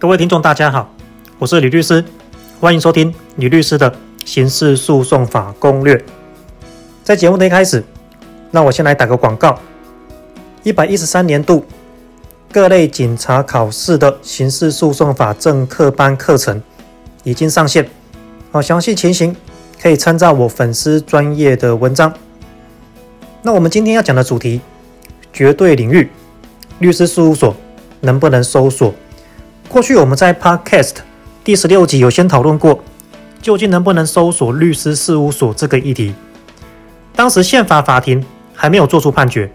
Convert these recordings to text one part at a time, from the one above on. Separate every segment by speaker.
Speaker 1: 各位聽眾，大家好，我是呂律師，歡迎收聽呂律師的《刑事訴訟法攻略》。在節目的一開始，那我先來打個廣告：一百一十三年度各類警察考試的刑事訴訟法正課班課程已經上線。好，詳細情形可以參照我粉絲專頁的文章。那我們今天要講的主題，絕對領域，律師事務所能不能搜索？過去我們在 Podcast 第十六集有先討論過，究竟能不能搜索律師事務所這個議題。當時憲法法庭還沒有做出判決。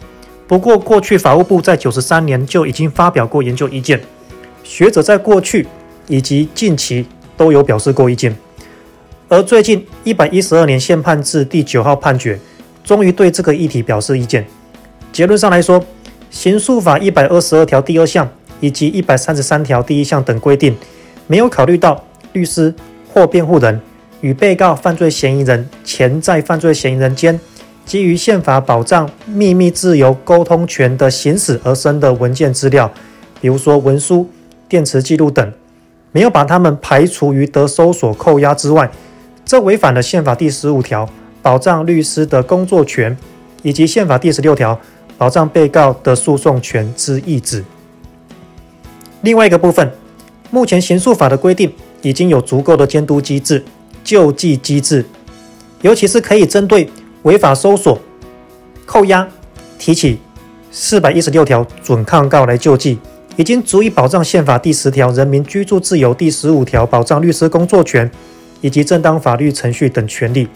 Speaker 1: 不過過去法務部在九十三年就已經發表過研究意見，學者在過去以及近期都有表示過意見。而最近一百一十二年憲判字第九號判決，終於對這個議題表示意見。結論上來說，刑訴法一百二十二條第二項。以及一百三十三條第一項等規定，沒有考慮到律師或辯護人與被告、犯罪嫌疑人、潛在犯罪嫌疑人間，基於憲法保障秘密自由溝通權的行使而生的文件資料，比如說文書、電磁記錄等，沒有把他們排除於得搜索、扣押之外，這違反了憲法第十五條保障律師的工作權，以及憲法第十六條保障被告的訴訟權之意旨。另外一個部分，目前刑訴法的規定已經有足夠的監督機制、救濟機制，尤其是可以針對違法搜索、扣押提起四百一十六條準抗告來救濟，已經足以保障憲法第十條人民居住自由、第十五條保障律師工作權以及正當法律程序等權利。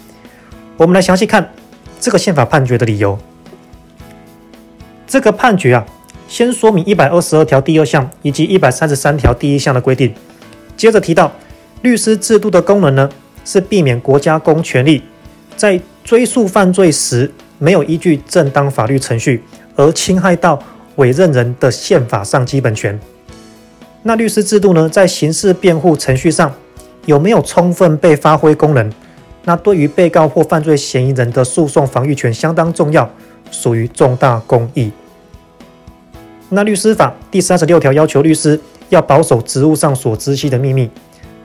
Speaker 1: 我們來詳細看這個憲法判決的理由。這個判決啊。先說明一百二十二條第二項以及一百三十三條第一項的規定，接着提到律師制度的功能呢，是避免國家公權力在追訴犯罪時沒有依據正當法律程序而侵害到委任人的憲法上基本權。那律師制度呢，在刑事辯護程序上有沒有充分被發揮功能？那對於被告或犯罪嫌疑人的訴訟防禦權相當重要，屬於重大公益。那律師法第三十六條要求律師要保守職務上所知悉的秘密，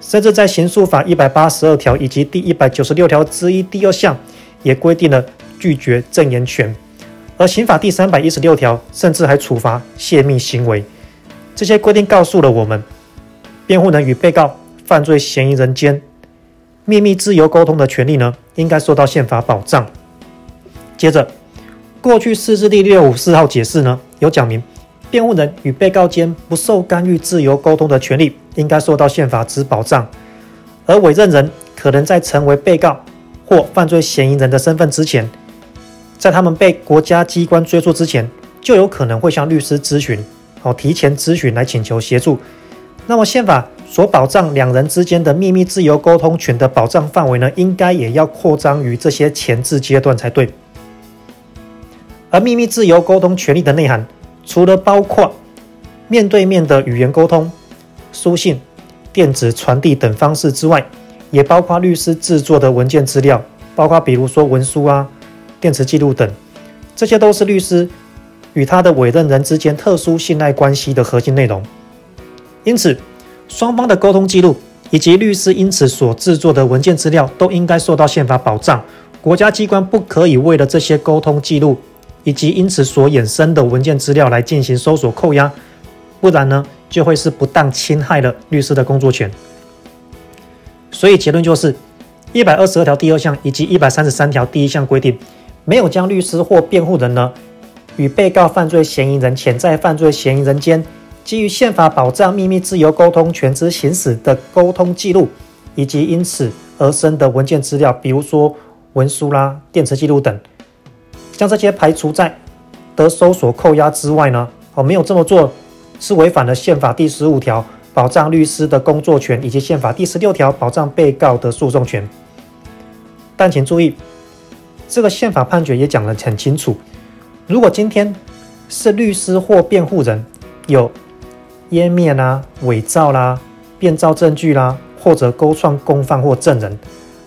Speaker 1: 甚至在刑訴法一百八十二條以及第一百九十六條之一第二項也規定了拒絕證言權，而刑法第三百一十六條甚至還處罰洩密行為。這些規定告訴了我們，辯護人與被告犯罪嫌疑人間秘密自由溝通的權利呢，應該受到憲法保障。接着，過去釋字第六五四號解釋呢，有講明。辯護人與被告間不受干預、自由溝通的權利，應該受到憲法之保障。而委任人可能在成為被告或犯罪嫌疑人的身份之前，在他們被國家機關追訴之前，就有可能會向律師諮詢，哦，提前諮詢來請求協助。那麼，憲法所保障兩人之間的秘密自由溝通權的保障範圍呢？應該也要擴張於這些前置階段才對。而秘密自由溝通權利的內涵。除了包括面對面的語言溝通，書信、電子傳遞等方式之外，也包括律師制作的文件資料，包括比如說文書啊、電子記錄等，這些都是律師與他的委任人之間特殊信賴關係的核心內容。因此，雙方的溝通記錄以及律師因此所制作的文件資料都應該受到憲法保障，國家機關不可以為了這些溝通記錄。以及因此所衍生的文件資料來進行搜索扣押，不然呢就會是不當侵害了律師的工作權。所以結論就是，一百二十二條第二項以及一百三十三條第一項規定，沒有將律師或辯護人呢與被告犯罪嫌疑人、潛在犯罪嫌疑人間，基於憲法保障秘密自由溝通、全知行使的溝通記錄，以及因此而生的文件資料，比如說文書啦、電池記錄等。將這些排除在得搜索扣押之外呢？哦，沒有這麼做是違反了憲法第十五條保障律師的工作權，以及憲法第十六條保障被告的訴訟權。但請注意，這個憲法判決也講得很清楚：如果今天是律師或辯護人有湮滅啦、偽造啦、啊、變造證據啦、啊，或者勾串共犯或證人，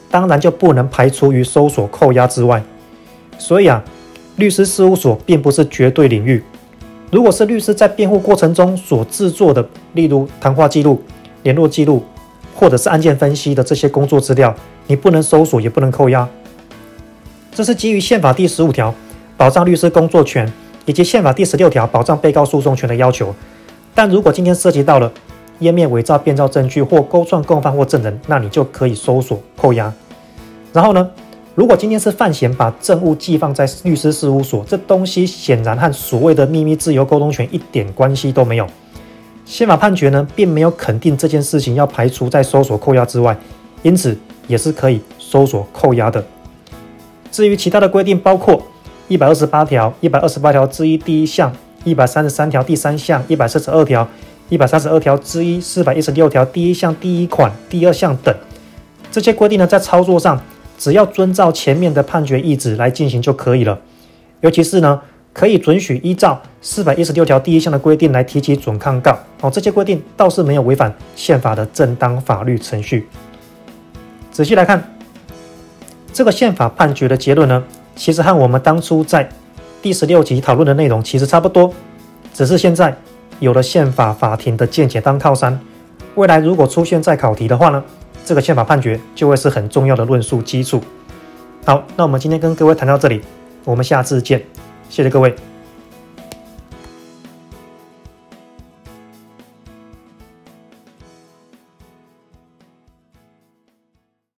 Speaker 1: 當然就不能排除於搜索扣押之外。所以啊。律師事務所並不是絕對領域。如果是律師在辯護過程中所制作的，例如談話記錄、聯絡記錄，或者是案件分析的這些工作資料，你不能搜索，也不能扣押。這是基於憲法第十五條保障律師工作權，以及憲法第十六條保障被告訴訟權的要求。但如果今天涉及到了湮滅、偽造、變造證據或勾串共犯或證人，那你就可以搜索扣押。然後呢，如果今天是犯嫌把證物寄放在律師事務所，這東西顯然和所謂的秘密自由溝通權一點關係都沒有。憲法判決呢，並沒有肯定這件事情要排除在搜索扣押之外，因此也是可以搜索扣押的。至於其他的規定，包括一百二十八條、一百二十八條之一第一項、一百三十三條第三項、一百四十二條、一百三十二條之一、四百一十六條第一項第一款、第二項等這些規定呢，在操作上，只要遵照前面的判決意旨來進行就可以了。尤其是呢，可以准許依照四百一十六條第一項的規定來提起準抗告。哦，這些規定倒是沒有違反憲法的正當法律程序。仔細來看，這個憲法判決的結論呢，其實和我們當初在第十六集討論的內容其實差不多，只是現在有了憲法法庭的見解當靠山。未來如果出現在考題的話呢，這個憲法判決就會是很重要的論述基礎。好，那我們今天跟各位談到這裡，我們下次見，謝謝各位。